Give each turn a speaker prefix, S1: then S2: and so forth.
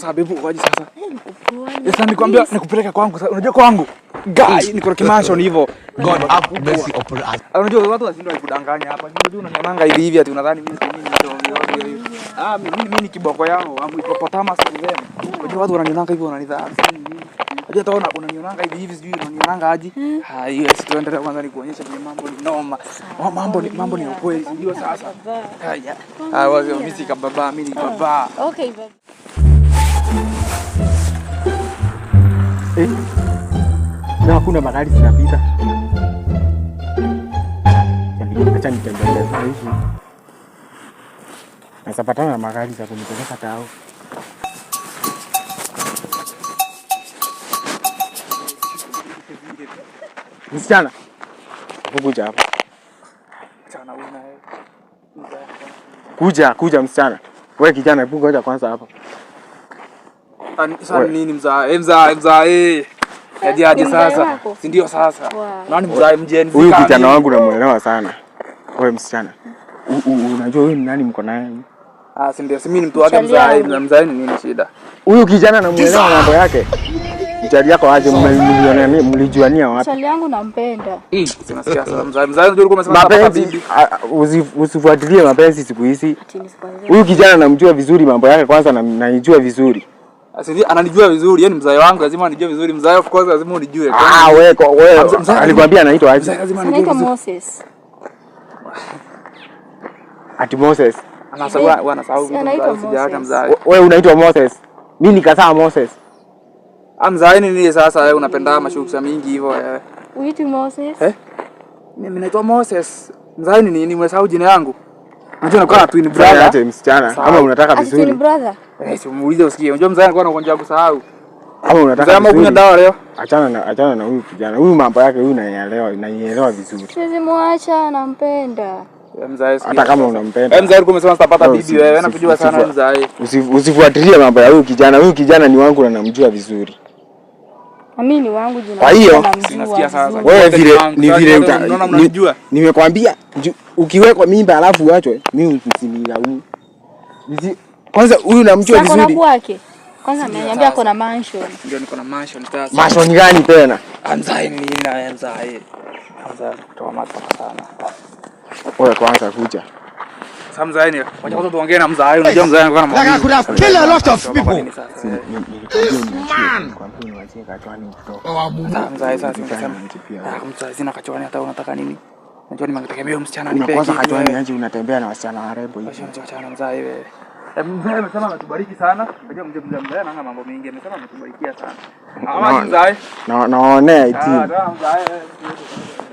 S1: Sasa bebu kwaje sasa? Sasa nikwambia nikupeleka kwangu sasa. Unajua kwangu? Guy niko na kimansion hivyo.
S2: God up mercy upon us.
S1: Unajua watu wasindo walikudanganya hapa. Unajua unanyonanga hivi hivi ati unadhani mimi mimi ndio Ah, mimi mimi ni kiboko yao, am hippopotamus ni wewe. Unajua watu wananionanga hivi wananidhaa. Unajua taona unanionanga hivi hivi sijui unanionanga aje. Hmm. Hai, yes, tuende kwanza nikuonyeshe vile mambo ni noma. Oh, mambo ni mambo ni ukweli. Unajua sasa. Haya. Ah, wazee mimi si kababa, mimi ni baba. Oh, okay, baba. eh? Na hakuna magari zinapita. Acha nitembelea hivi. Nasapatana na magari za kunipeleka tao. Msichana. Kuja hapa. Kuja, kuja msichana. Wewe kijana, hebu kwanza hapa nini mzae eh, mzae eh, mzae eh. sasa, si ndio? Sasa nani mzae mjeni? Huyu kijana wangu namuelewa sana. Wewe msichana, unajua wewe ni nani mko naye? Ah, si ndio? Si mimi ni mtu wake mzae, mzae ni nini shida? Huyu kijana namuelewa mambo yake. Mchali yako aje, mlijuania wapi?
S3: Mchali yangu nampenda.
S1: Usifuatilie mapenzi siku hizi. Huyu kijana namjua vizuri, mambo yake kwanza naijua vizuri. Sisi ananijua vizuri, yani mzee wangu lazima anijue vizuri. Mzee of course lazima unijue. Ah, wewe kwa wewe. Alikwambia anaitwa aje?
S3: Lazima anijue. Anaitwa Moses.
S1: Ati Moses. Anasahau, wanasahau. Anaitwa Moses. Wewe unaitwa Moses. Mimi nikasaa Moses. Ah, ni nini sasa wewe unapenda mashughuli mingi hivyo wewe.
S3: Uitwi Moses.
S1: Eh? Mimi naitwa Moses. ni nini? Nimesahau jina langu? Unajua nakuwa na twin brother. Acha msichana. Kama unataka vizuri. Twin brother. Eh, simuulize usikie. Unajua mzee anakuwa na anakuja kusahau. Au unataka kama kunywa dawa leo, achana na achana na huyu kijana. Huyu mambo yake huyu naielewa, naielewa vizuri.
S3: Siwezi muacha, nampenda.
S1: Eh, Hata kama unampenda. Eh, mzee alikuwa amesema sitapata bibi wewe, anakujua sana mzee. Usifuatilie mambo ya huyu kijana. Huyu kijana ni wangu na namjua vizuri. Kwa hiyo Wewe vile ni vile unaona mnajua. Nimekwambia ukiwekwa mimba alafu uachwe, mimi usinilaumu. Kwanza huyu namjua vizuri.
S3: Kwanza ameniambia ako na mansion.
S1: Ndio niko na mansion sasa. Mansion gani tena? Anzai ni na anzai. kutoa mata sana. Wewe kwanza kuja. Samzai ni. Wacha kwanza tuongee na mzai. Unajua mzai anakuwa na mambo. Like I a lot of people. Mzai sasa Mzai sina kachwani hata unataka nini? Unajua nimekutegemea msichana nipeke. Kwanza kachwani aje unatembea na wasichana warembo hivi. Acha mzai wewe. Eh, mzee amesema ametubariki sana. Unajua mzee mzee mzee anaanga mambo mengi. Amesema ametubarikia sana. Ama mzee. Na naonea iti. Ah, mzee.